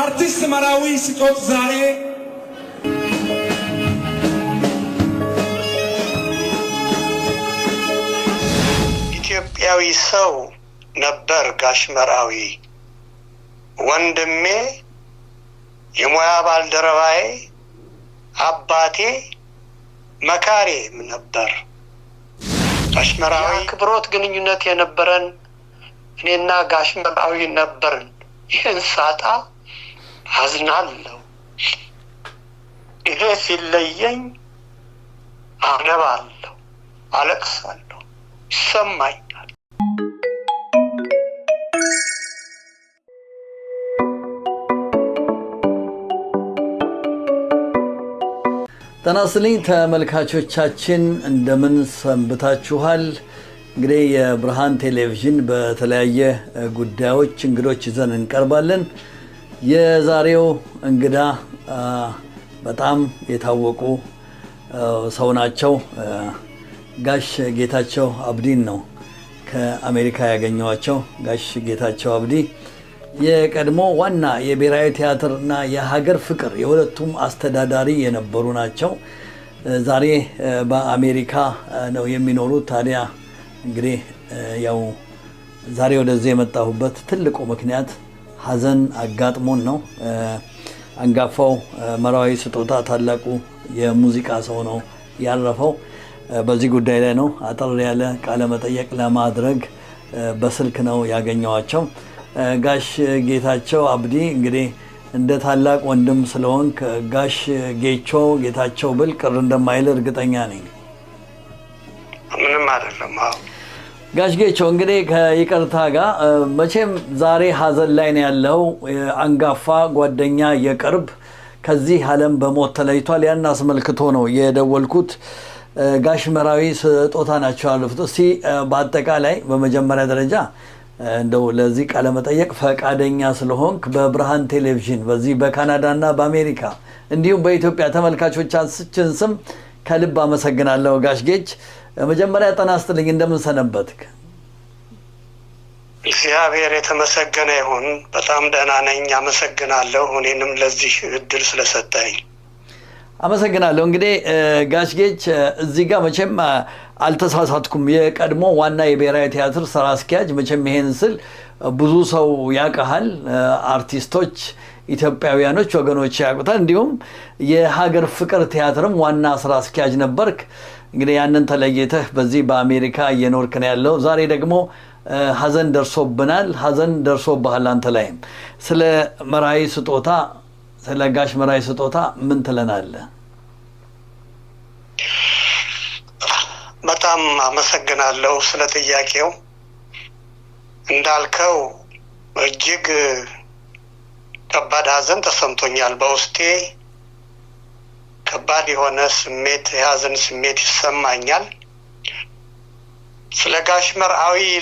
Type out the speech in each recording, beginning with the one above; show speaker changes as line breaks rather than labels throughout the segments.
አርቲስት መራዊ ስጦት ዛሬ
ኢትዮጵያዊ ሰው ነበር ጋሽ መራዊ ወንድሜ፣ የሙያ ባልደረባዬ፣ አባቴ፣ መካሬም ነበር። ጋሽ መራዊ ክብሮት ግንኙነት የነበረን እኔና ጋሽ መራዊ ነበርን። ይህን ሳጣ አዝናለሁ። ይሄ ሲለየኝ አነባለሁ፣ አለቅሳለሁ፣ አለው
ጤና ይስጥልኝ ተመልካቾቻችን፣ እንደምን ሰንብታችኋል? እንግዲህ የብርሃን ቴሌቪዥን በተለያየ ጉዳዮች እንግዶች ይዘን እንቀርባለን። የዛሬው እንግዳ በጣም የታወቁ ሰው ናቸው። ጋሽ ጌታቸው አብዲን ነው ከአሜሪካ ያገኘዋቸው። ጋሽ ጌታቸው አብዲ የቀድሞ ዋና የብሔራዊ ቲያትር እና የሀገር ፍቅር የሁለቱም አስተዳዳሪ የነበሩ ናቸው። ዛሬ በአሜሪካ ነው የሚኖሩት። ታዲያ እንግዲህ ያው ዛሬ ወደዚህ የመጣሁበት ትልቁ ምክንያት ሀዘን አጋጥሞን ነው። አንጋፋው መራዊ ስጦታ ታላቁ የሙዚቃ ሰው ነው ያረፈው። በዚህ ጉዳይ ላይ ነው አጠር ያለ ቃለ መጠየቅ ለማድረግ በስልክ ነው ያገኘዋቸው። ጋሽ ጌታቸው አብዲ እንግዲህ እንደ ታላቅ ወንድም ስለሆንክ ጋሽ ጌቾ ጌታቸው ብል ቅር እንደማይል እርግጠኛ ነኝ።
ምንም አይደለም።
ጋሽጌቾ እንግዲህ ከይቅርታ ጋር መቼም ዛሬ ሀዘን ላይ ነው ያለው። አንጋፋ ጓደኛ የቅርብ ከዚህ ዓለም በሞት ተለይቷል። ያን አስመልክቶ ነው የደወልኩት። ጋሽ መራዊ ስጦታ ናቸው ያለፉት። እስቲ በአጠቃላይ በመጀመሪያ ደረጃ እንደው ለዚህ ቃለ መጠየቅ ፈቃደኛ ስለሆንክ በብርሃን ቴሌቪዥን በዚህ በካናዳ በካናዳና በአሜሪካ እንዲሁም በኢትዮጵያ ተመልካቾቻችን ስም ከልብ አመሰግናለሁ ጋሽጌች መጀመሪያ ጤና ይስጥልኝ፣ እንደምን ሰነበትክ?
እግዚአብሔር የተመሰገነ ይሁን። በጣም ደህና ነኝ፣ አመሰግናለሁ። እኔንም ለዚህ እድል ስለሰጠኝ
አመሰግናለሁ። እንግዲህ ጋሽጌች እዚህ ጋር መቼም አልተሳሳትኩም። የቀድሞ ዋና የብሔራዊ ቲያትር ስራ አስኪያጅ መቼም ይሄን ስል ብዙ ሰው ያውቅሃል፣ አርቲስቶች ኢትዮጵያውያኖች ወገኖች ያውቁታል። እንዲሁም የሀገር ፍቅር ቲያትርም ዋና ስራ አስኪያጅ ነበርክ። እንግዲህ ያንን ተለይተህ በዚህ በአሜሪካ እየኖርክ ነው ያለው። ዛሬ ደግሞ ሀዘን ደርሶብናል። ሀዘን ደርሶብሃል አንተ ላይም። ስለ መራዊ ስጦታ ስለ ጋሽ መራዊ ስጦታ ምን ትለናለ
በጣም አመሰግናለሁ ስለ ጥያቄው። እንዳልከው እጅግ ከባድ ሀዘን ተሰምቶኛል በውስጤ ከባድ የሆነ ስሜት የሀዘን ስሜት ይሰማኛል። ስለ ጋሽ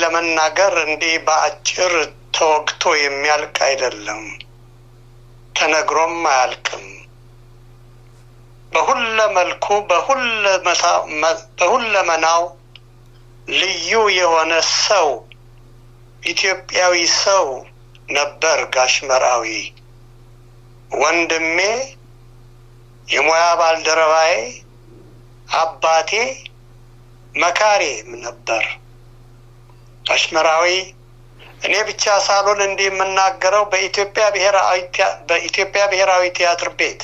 ለመናገር እንዲህ በአጭር ተወግቶ የሚያልቅ አይደለም፣ ተነግሮም አያልቅም። በሁለ መልኩ በሁለመናው ልዩ የሆነ ሰው ኢትዮጵያዊ ሰው ነበር ጋሽ ወንድሜ የሙያ ባልደረባዬ አባቴ መካሬም ነበር። አሽመራዊ እኔ ብቻ ሳልሆን እንዲህ የምናገረው በኢትዮጵያ ብሔራዊ ቲያትር ቤት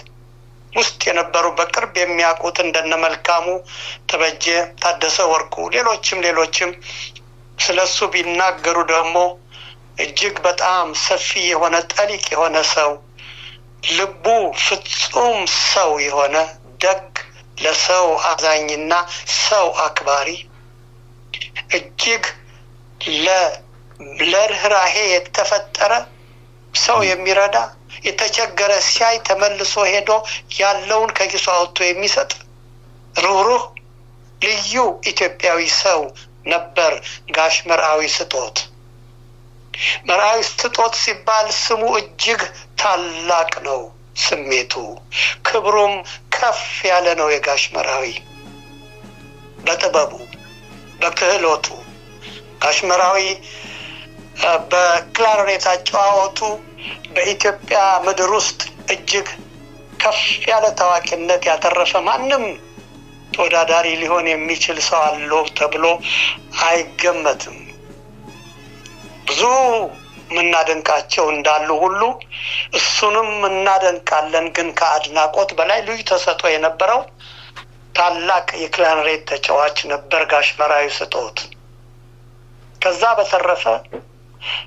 ውስጥ የነበሩ በቅርብ የሚያውቁት እንደነ መልካሙ ተበጀ፣ ታደሰ ወርቁ፣ ሌሎችም ሌሎችም ስለሱ ቢናገሩ ደግሞ እጅግ በጣም ሰፊ የሆነ ጠሊቅ የሆነ ሰው ልቡ ፍጹም ሰው የሆነ ደግ፣ ለሰው አዛኝና ሰው አክባሪ እጅግ ለርኅራሄ የተፈጠረ ሰው የሚረዳ የተቸገረ ሲያይ ተመልሶ ሄዶ ያለውን ከኪሱ አውጥቶ የሚሰጥ ሩህሩህ ልዩ ኢትዮጵያዊ ሰው ነበር ጋሽ መርዓዊ ስጦት። መርአዊ ስጦት ሲባል ስሙ እጅግ ታላቅ ነው። ስሜቱ ክብሩም ከፍ ያለ ነው። የጋሽ መራዊ በጥበቡ በክህሎቱ ጋሽ መራዊ በክላርኔት አጨዋወቱ በኢትዮጵያ ምድር ውስጥ እጅግ ከፍ ያለ ታዋቂነት ያተረፈ ማንም ተወዳዳሪ ሊሆን የሚችል ሰው አለው ተብሎ አይገመትም። ብዙ የምናደንቃቸው እንዳሉ ሁሉ እሱንም እናደንቃለን። ግን ከአድናቆት በላይ ልዩ ተሰጦ የነበረው ታላቅ የክላርኔት ተጫዋች ነበር ጋሽ መራዊ ስጦት። ከዛ በተረፈ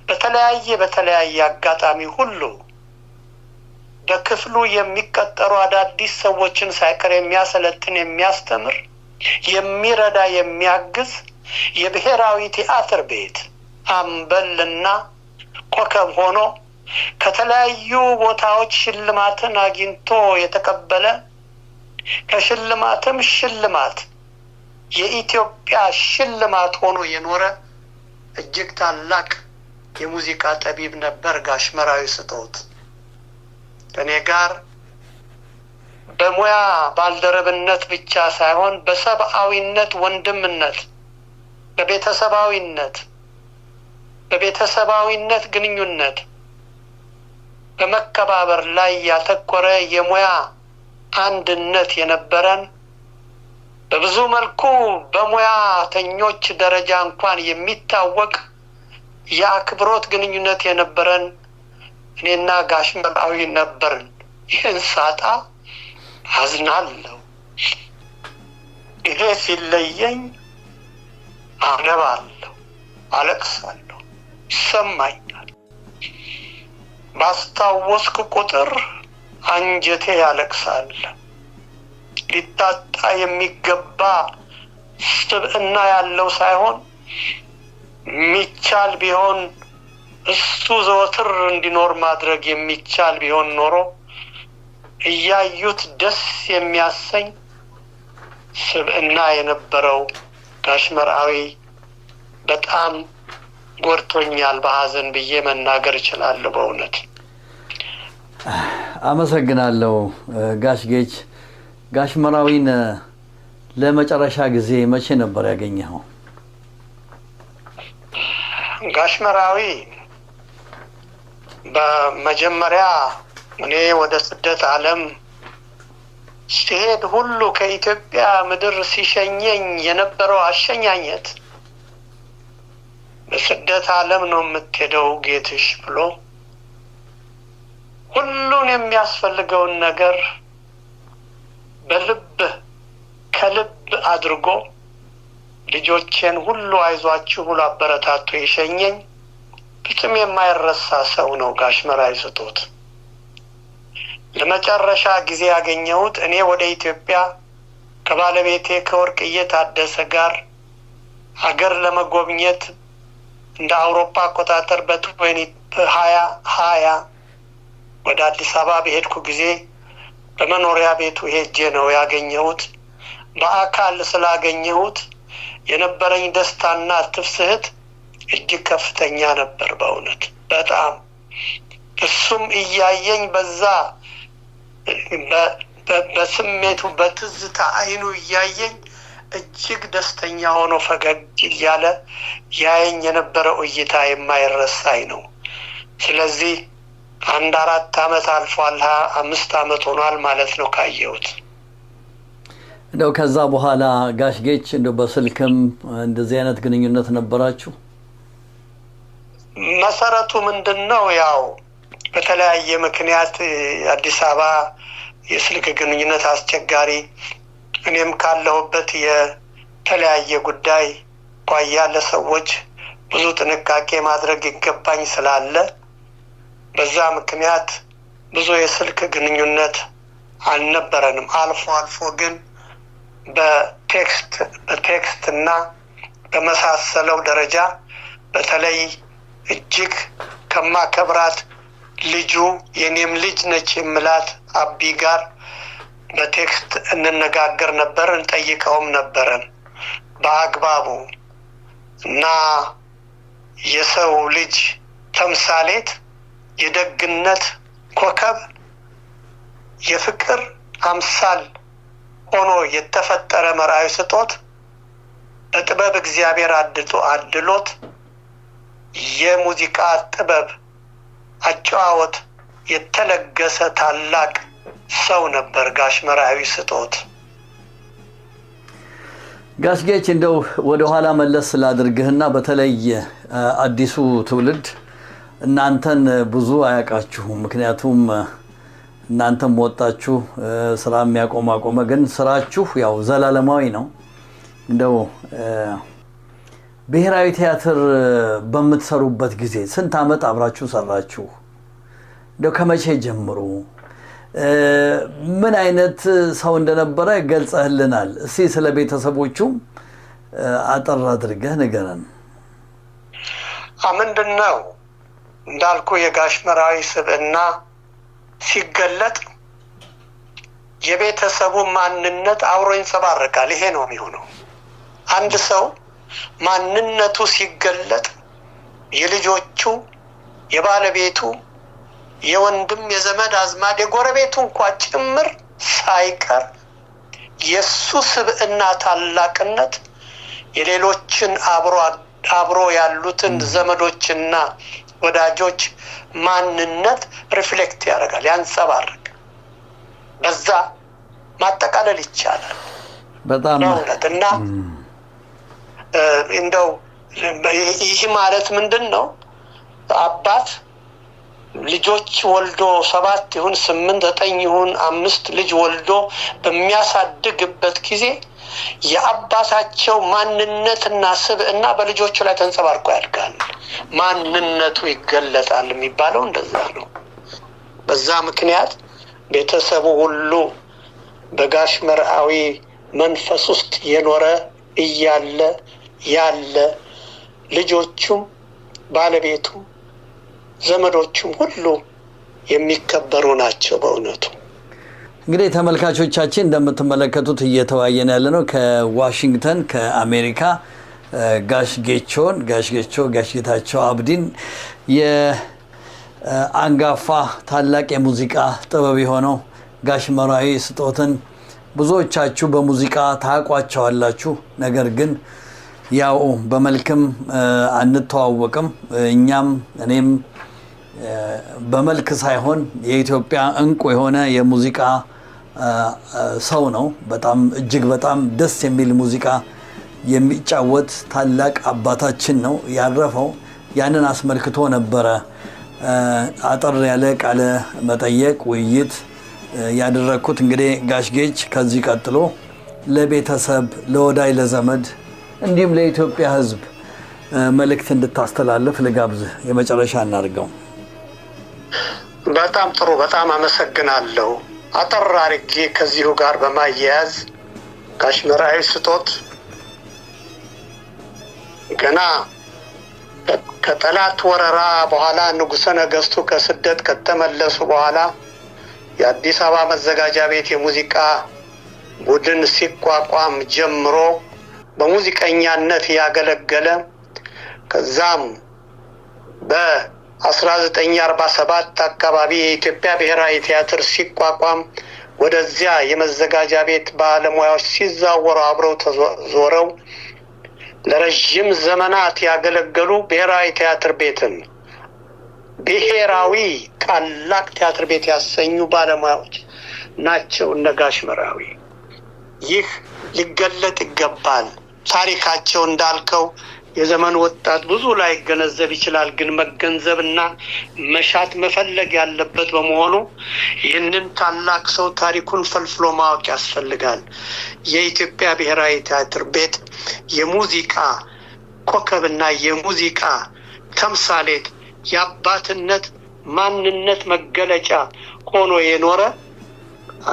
በተለያየ በተለያየ አጋጣሚ ሁሉ በክፍሉ የሚቀጠሩ አዳዲስ ሰዎችን ሳይቀር የሚያሰለጥን፣ የሚያስተምር፣ የሚረዳ፣ የሚያግዝ የብሔራዊ ቲያትር ቤት አምበልና ኮከብ ሆኖ ከተለያዩ ቦታዎች ሽልማትን አግኝቶ የተቀበለ ከሽልማትም ሽልማት የኢትዮጵያ ሽልማት ሆኖ የኖረ እጅግ ታላቅ የሙዚቃ ጠቢብ ነበር ጋሽ መራዊ ስጦት። ከእኔ ጋር በሙያ ባልደረብነት ብቻ ሳይሆን በሰብአዊነት ወንድምነት፣ በቤተሰባዊነት በቤተሰባዊነት ግንኙነት በመከባበር ላይ ያተኮረ የሙያ አንድነት የነበረን በብዙ መልኩ በሙያተኞች ደረጃ እንኳን የሚታወቅ የአክብሮት ግንኙነት የነበረን እኔና ጋሽ መርአዊ ነበርን። ይህን ሳጣ አዝናለሁ። ይሄ ሲለየኝ አነባለሁ፣ አለቅሳለሁ። ይሰማኛል። ባስታወስክ ቁጥር አንጀቴ ያለቅሳል። ሊታጣ የሚገባ ስብዕና ያለው ሳይሆን የሚቻል ቢሆን እሱ ዘወትር እንዲኖር ማድረግ የሚቻል ቢሆን ኖሮ እያዩት ደስ የሚያሰኝ ስብዕና የነበረው ጋሽ መርአዊ በጣም ጎድቶኛል በሀዘን ብዬ መናገር እችላለሁ። በእውነት
አመሰግናለሁ ጋሽ ጌች። ጋሽ መራዊን ለመጨረሻ ጊዜ መቼ ነበር ያገኘኸው?
ጋሽ መራዊ በመጀመሪያ እኔ ወደ ስደት አለም ሲሄድ ሁሉ ከኢትዮጵያ ምድር ሲሸኘኝ የነበረው አሸኛኘት በስደት ዓለም ነው የምትሄደው ጌትሽ ብሎ ሁሉን የሚያስፈልገውን ነገር በልብ ከልብ አድርጎ ልጆቼን ሁሉ አይዟችሁ ብሎ አበረታቶ የሸኘኝ ፍጹም የማይረሳ ሰው ነው ጋሽ መራዊ ስጦት። ለመጨረሻ ጊዜ ያገኘሁት እኔ ወደ ኢትዮጵያ ከባለቤቴ ከወርቅዬ ታደሰ ጋር ሀገር ለመጎብኘት እንደ አውሮፓ አቆጣጠር በትወኒ ሀያ ሀያ ወደ አዲስ አበባ በሄድኩ ጊዜ በመኖሪያ ቤቱ ሄጄ ነው ያገኘሁት። በአካል ስላገኘሁት የነበረኝ ደስታና ትፍስህት እጅግ ከፍተኛ ነበር። በእውነት በጣም እሱም እያየኝ በዛ በስሜቱ በትዝታ አይኑ እያየኝ እጅግ ደስተኛ ሆኖ ፈገግ እያለ ያየኝ የነበረው እይታ የማይረሳኝ ነው። ስለዚህ አንድ አራት አመት አልፏል፣ ሀያ አምስት አመት ሆኗል ማለት ነው ካየሁት።
እንደው ከዛ በኋላ ጋሽጌች እንደው በስልክም እንደዚህ አይነት ግንኙነት ነበራችሁ?
መሰረቱ ምንድን ነው? ያው በተለያየ ምክንያት አዲስ አበባ የስልክ ግንኙነት አስቸጋሪ እኔም ካለሁበት የተለያየ ጉዳይ ኳያ ለሰዎች ብዙ ጥንቃቄ ማድረግ ይገባኝ ስላለ በዛ ምክንያት ብዙ የስልክ ግንኙነት አልነበረንም። አልፎ አልፎ ግን በቴክስት በቴክስት እና በመሳሰለው ደረጃ በተለይ እጅግ ከማከብራት ልጁ የኔም ልጅ ነች የምላት አቢ ጋር በቴክስት እንነጋገር ነበር፣ እንጠይቀውም ነበረን በአግባቡ እና የሰው ልጅ ተምሳሌት፣ የደግነት ኮከብ፣ የፍቅር አምሳል ሆኖ የተፈጠረ መርአዊ ስጦት በጥበብ እግዚአብሔር አድቶ አድሎት የሙዚቃ ጥበብ አጨዋወት የተለገሰ ታላቅ ሰው ነበር ጋሽ መራዊ ስጦት።
ጋሽ ጌች እንደው ወደኋላ መለስ ስላድርግህና በተለይ አዲሱ ትውልድ እናንተን ብዙ አያውቃችሁም። ምክንያቱም እናንተም ወጣችሁ ስራ የሚያቆም አቆመ፣ ግን ስራችሁ ያው ዘላለማዊ ነው። እንደው ብሔራዊ ቲያትር በምትሰሩበት ጊዜ ስንት ዓመት አብራችሁ ሰራችሁ? እንደው ከመቼ ጀምሩ? ምን አይነት ሰው እንደነበረ ገልጸህልናል። እስቲ ስለ ቤተሰቦቹም አጠር አድርገህ ንገረን።
ምንድን ነው እንዳልኩ የጋሽ መራዊ ስብዕና ሲገለጥ የቤተሰቡ ማንነት አብሮ ይንጸባረቃል። ይሄ ነው የሚሆነው። አንድ ሰው ማንነቱ ሲገለጥ የልጆቹ፣ የባለቤቱ የወንድም የዘመድ አዝማድ የጎረቤቱ እንኳ ጭምር ሳይቀር የእሱ ስብዕና ታላቅነት የሌሎችን አብሮ ያሉትን ዘመዶችና ወዳጆች ማንነት ሪፍሌክት ያደርጋል፣ ያንጸባርቅ። በዛ ማጠቃለል ይቻላል። በጣም እውነት እና እንደው ይህ ማለት ምንድን ነው አባት ልጆች ወልዶ ሰባት ይሁን ስምንት ዘጠኝ ይሁን አምስት ልጅ ወልዶ በሚያሳድግበት ጊዜ የአባታቸው ማንነትና ስብዕና በልጆቹ ላይ ተንጸባርቆ ያድጋል። ማንነቱ ይገለጣል የሚባለው እንደዛ ነው። በዛ ምክንያት ቤተሰቡ ሁሉ በጋሽ መርአዊ መንፈስ ውስጥ የኖረ እያለ ያለ ልጆቹም ባለቤቱም ዘመዶችም ሁሉ የሚከበሩ ናቸው። በእውነቱ
እንግዲህ ተመልካቾቻችን እንደምትመለከቱት እየተወያየን ያለ ነው ከዋሽንግተን ከአሜሪካ ጋሽ ጌቾን ጋሽ ጌቾ ጋሽ ጌታቸው አብዲን የአንጋፋ ታላቅ የሙዚቃ ጥበብ የሆነው ጋሽ መራዊ ስጦትን ብዙዎቻችሁ በሙዚቃ ታውቋቸዋላችሁ። ነገር ግን ያው በመልክም አንተዋወቅም እኛም እኔም በመልክ ሳይሆን የኢትዮጵያ እንቁ የሆነ የሙዚቃ ሰው ነው። በጣም እጅግ በጣም ደስ የሚል ሙዚቃ የሚጫወት ታላቅ አባታችን ነው ያረፈው። ያንን አስመልክቶ ነበረ አጠር ያለ ቃለ መጠየቅ ውይይት ያደረግኩት። እንግዲህ ጋሽጌች ከዚህ ቀጥሎ ለቤተሰብ ለወዳይ ለዘመድ እንዲሁም ለኢትዮጵያ ሕዝብ መልእክት እንድታስተላልፍ ልጋብዝህ። የመጨረሻ እናድርገው።
በጣም ጥሩ፣ በጣም አመሰግናለሁ። አጠር አርጌ ከዚሁ ጋር በማያያዝ ጋሽ ስጦት ገና ከጠላት ወረራ በኋላ ንጉሰ ነገስቱ ከስደት ከተመለሱ በኋላ የአዲስ አበባ መዘጋጃ ቤት የሙዚቃ ቡድን ሲቋቋም ጀምሮ በሙዚቀኛነት ያገለገለ ከዛም በ አስራ ዘጠኝ አርባ ሰባት አካባቢ የኢትዮጵያ ብሔራዊ ቲያትር ሲቋቋም ወደዚያ የመዘጋጃ ቤት ባለሙያዎች ሲዛወሩ አብረው ተዞረው ለረዥም ዘመናት ያገለገሉ ብሔራዊ ቲያትር ቤትን ብሔራዊ ታላቅ ቲያትር ቤት ያሰኙ ባለሙያዎች ናቸው እነ መራዊ። ይህ ሊገለጥ ይገባል። ታሪካቸው እንዳልከው የዘመኑ ወጣት ብዙ ላይ ገነዘብ ይችላል፣ ግን እና መሻት መፈለግ ያለበት በመሆኑ ይህንን ታላቅ ሰው ታሪኩን ፈልፍሎ ማወቅ ያስፈልጋል። የኢትዮጵያ ብሔራዊ ቲያትር ቤት የሙዚቃ ኮከብና የሙዚቃ ተምሳሌት የአባትነት ማንነት መገለጫ ሆኖ የኖረ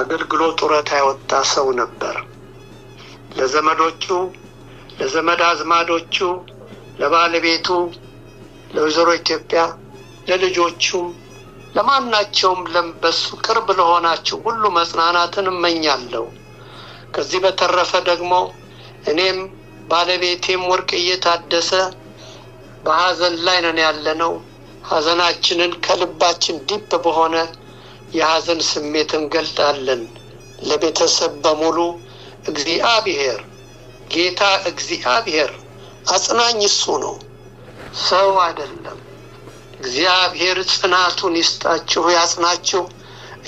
አገልግሎት ጡረታ ያወጣ ሰው ነበር። ለዘመዶቹ ለዘመድ አዝማዶቹ ለባለቤቱ፣ ለወይዘሮ ኢትዮጵያ፣ ለልጆቹም፣ ለማናቸውም ለበሱ ቅርብ ለሆናቸው ሁሉ መጽናናትን እመኛለሁ። ከዚህ በተረፈ ደግሞ እኔም ባለቤቴም ወርቅ እየታደሰ በሐዘን ላይ ነን ያለነው። ሐዘናችንን ከልባችን ዲፕ በሆነ የሐዘን ስሜት እንገልጣለን። ለቤተሰብ በሙሉ እግዚአብሔር ጌታ እግዚአብሔር አጽናኝ እሱ ነው፣ ሰው አይደለም። እግዚአብሔር ጽናቱን ይስጣችሁ፣ ያጽናችሁ።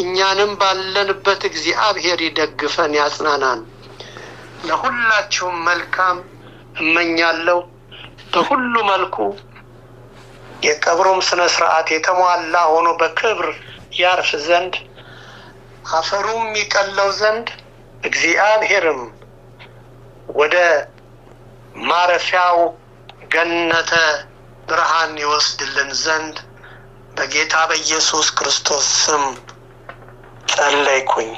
እኛንም ባለንበት እግዚአብሔር ይደግፈን፣ ያጽናናን። ለሁላችሁም መልካም እመኛለሁ። በሁሉ መልኩ የቀብሩም ስነ ስርዓት የተሟላ ሆኖ በክብር ያርፍ ዘንድ አፈሩም ይቀለው ዘንድ እግዚአብሔርም ወደ ማረፊያው ገነተ ብርሃን ይወስድልን ዘንድ በጌታ በኢየሱስ ክርስቶስ ስም ጸለይኩኝ።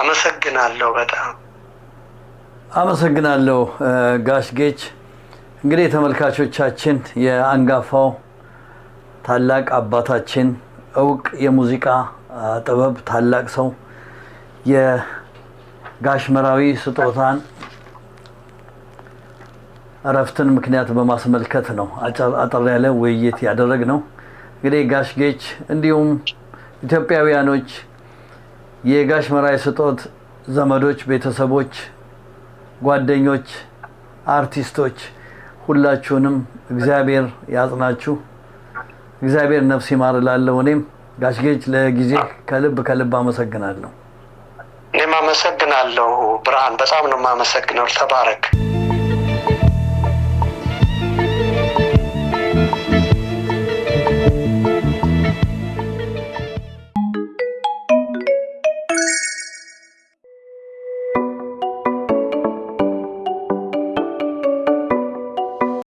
አመሰግናለሁ። በጣም
አመሰግናለሁ ጋሽ ጌች። እንግዲህ ተመልካቾቻችን የአንጋፋው ታላቅ አባታችን እውቅ የሙዚቃ ጥበብ ታላቅ ሰው የጋሽ መራዊ ስጦታን እረፍትን ምክንያት በማስመልከት ነው አጠር ያለ ውይይት ያደረግ ነው። እንግዲህ ጋሽ ጌች እንዲሁም ኢትዮጵያውያኖች የጋሽ መርዓዊ ስጦት ዘመዶች፣ ቤተሰቦች፣ ጓደኞች፣ አርቲስቶች ሁላችሁንም እግዚአብሔር ያጽናችሁ፣ እግዚአብሔር ነፍስ ይማር እላለሁ። እኔም ጋሽ ጌች ለጊዜ ከልብ ከልብ አመሰግናለሁ።
እኔም አመሰግናለሁ ብርሃን፣ በጣም ነው የማመሰግነው። ተባረክ።